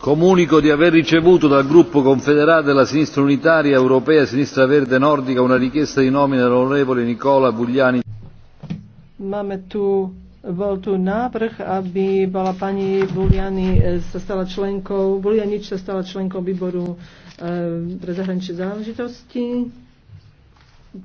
comunico di aver ricevuto dal gruppo confederale della sinistra unitaria europea e sinistra verde nordica una richiesta di nomina dell'onorevole nicola bugliani Máme tu, bol tu návrh, aby bola pani Buliani eh, sa stala členkou, Bulianič sa stala členkou výboru eh, pre zahraničné záležitosti.